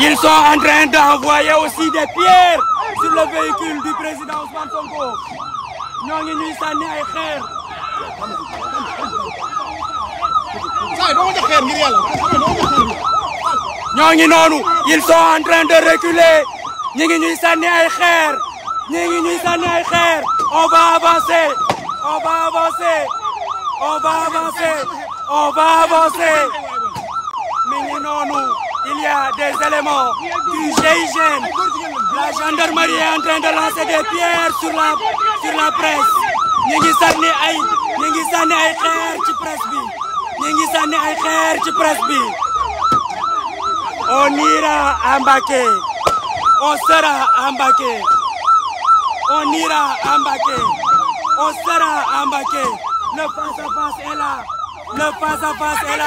Ils sont en train d'envoyer aussi des pierres sur le véhicule du président Ousmane Sonko. ils sont en train de reculer. on va avancer. on va avancer. on va avancer. on va avancer il y a des éléments du GIGN. La gendarmerie est en train de lancer des pierres sur la, sur la presse. ñu ngi sànni ay ñu ngi ay presse On ira embarquer. On sera à On ira embarquer. On sera à Le face à face est là. Le face à face est là.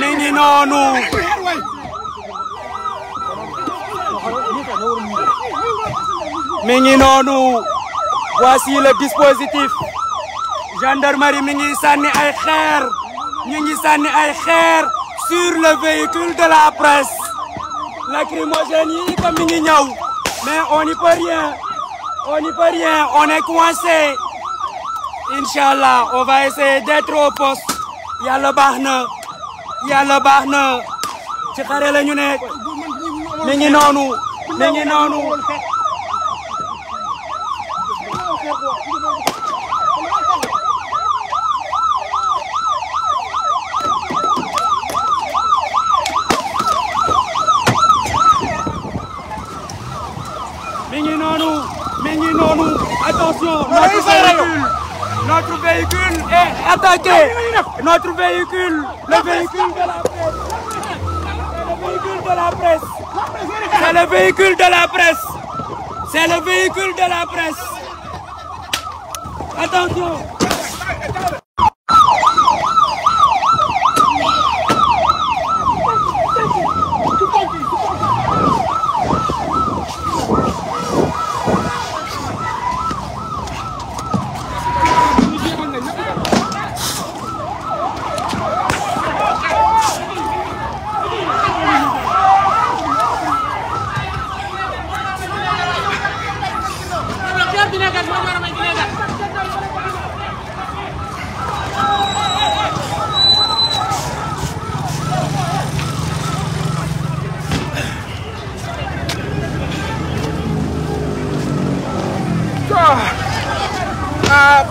Nini nonou Mingi nonu. Voici le dispositif. Gendarmerie mingi sani ay khair, Mingi sani ay khair sur le véhicule de la presse. Lacrymogène yi comme mingi Mais on n'y peut rien. On n'y peut rien. On est coincé. Inch'Allah, on va essayer d'être au poste. yàlla baax na baax na ci xare ñu nekk mi ngi noonu mi ngi noonu mi Notre véhicule est attaqué. Notre véhicule, le véhicule de la presse. C'est le véhicule de la presse. C'est le véhicule de la presse. C'est le véhicule de la presse. Attention.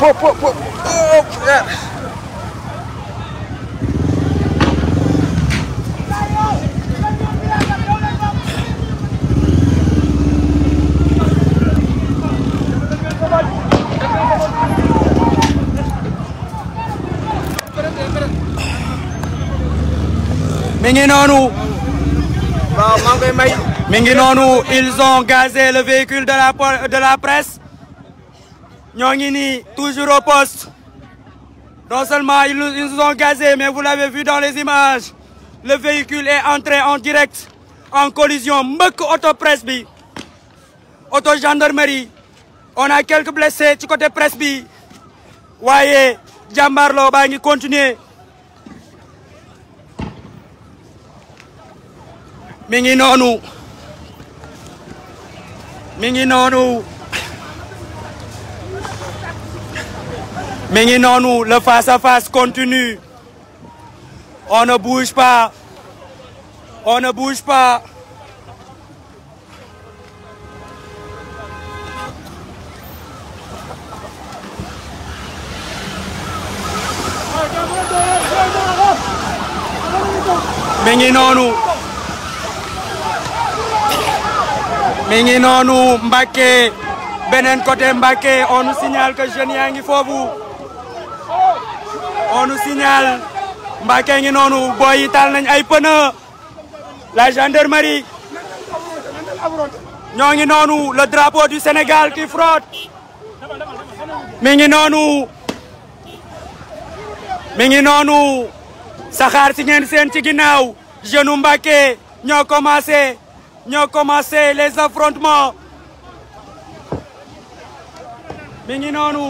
pô, pô, pô. Oh, yeah. ils ont gazé le véhicule de la de la presse Nous toujours au poste non seulement ils nous ont gazés mais vous l'avez vu dans les images le véhicule est entré en direct en collision Mec auto presby, auto gendarmerie on a quelques blessés du côté presby. bi Jambarlo jàmbaarloo ne continue. continuer Mais le face à face continue on ne bouge pas on ne bouge pas Mais nous, nous... Mais côté on nous signale que jeunes faut à vous on nous signale mbaké ngi noonu boy yi nañ ay pneu la gendarmerie ñoo ngi noonu le drapeau du Sénégal qui frotte mi ngi noonu mi ngi noonu saxaar ci ngeen seen ci ginnaaw jeune mbaké ñoo commencé ñoo commencé les affrontements mi ngi noonu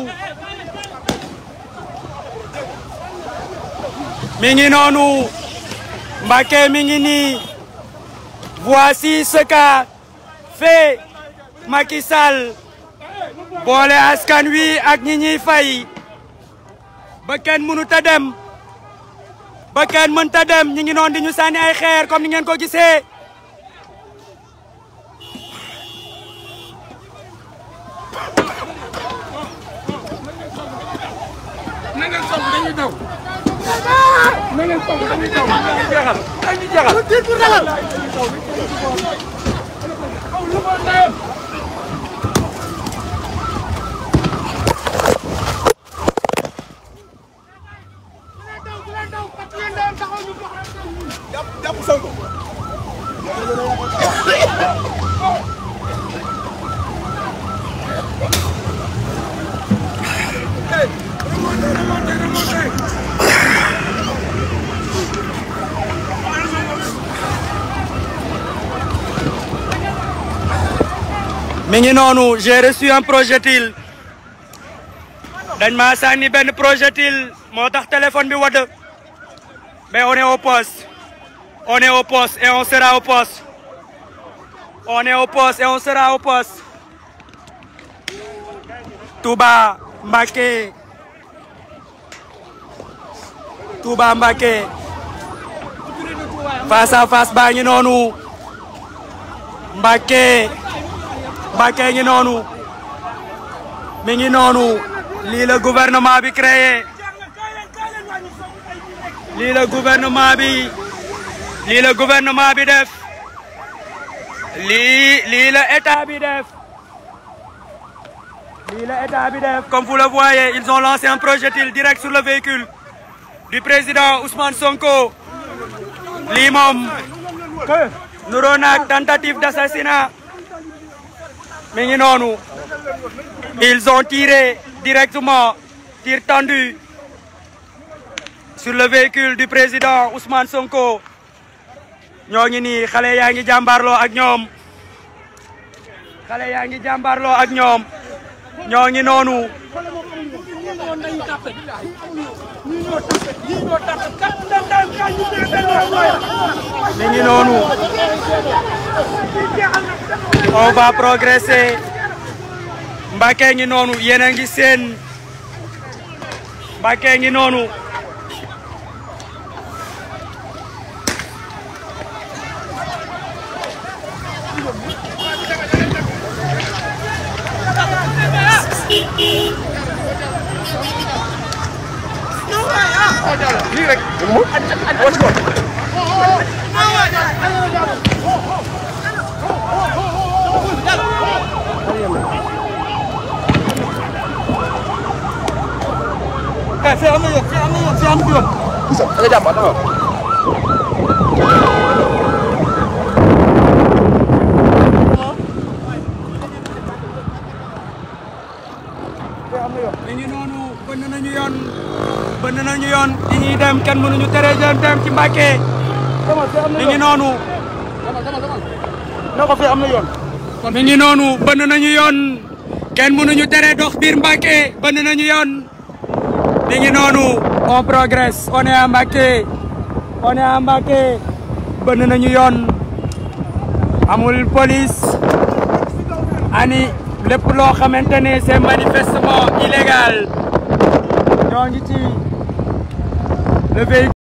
mi ngi noonu Mbacké mi ngi nii voici ce qu'a fait Macky boole askan wi ak ñi ñuy fay ba kenn mënut a dem ba ñi ngi noonu di ñu sànni ay xeer comme ni ngeen ko gisee na ngeen na ngeen taw dañuy taw dañuy jeexal dañuy jeexal. lu tiit bu ragal. aw lu ma ndeyam. Hey, come on, come on. Mais nous j'ai reçu un projectile dañ ma projectile téléphone mais on est au poste on est au poste et on sera au poste on est au poste et on sera au poste Touba Tuba Touba m'baké. face à face baa nous Mbacké ngi noonu mi ngi noonu li le gouvernement bi créé li le gouvernement bi li le gouvernement bi def li li la état bi def état bi def comme vous le voyez ils ont lancé un projectile direct sur le véhicule du président Ousmane Sonko Nous nous une tentative d'assassinat mais ils ont tiré directement tir tendu sur le véhicule du président Ousmane Sonko Ils ont tiré directement, yaa ngi jàmbaarloo ak ñoom xale yaa ngi ak ñoo tàppe ngi noonu. on va progresser. Mbacké ngi noonu yéen a ngi seen. Mbacké ngi noonu. Đi này, đừng mút. Anh anh anh. Cái xe ăn được, xe ăn được, xe ăn được. Cái đạp bắn đâu? Ini nonu, kau nanya yang bënn nañu yoon li ñuy dem kenn mënuñu tere dem ci Mbàkke mi ngi noonu na ko fi am na yoon mi ngi noonu bënn nañu yoon kenn mënuñu tere dox biir Mbàkke bënn nañu yoon mi ngi noonu on progresse on est à Mbàkke on est à Mbàkke bënn nañu yoon amul police ani lépp loo xamante c'est manifestement illégal ñoo ngi ci the vehicle.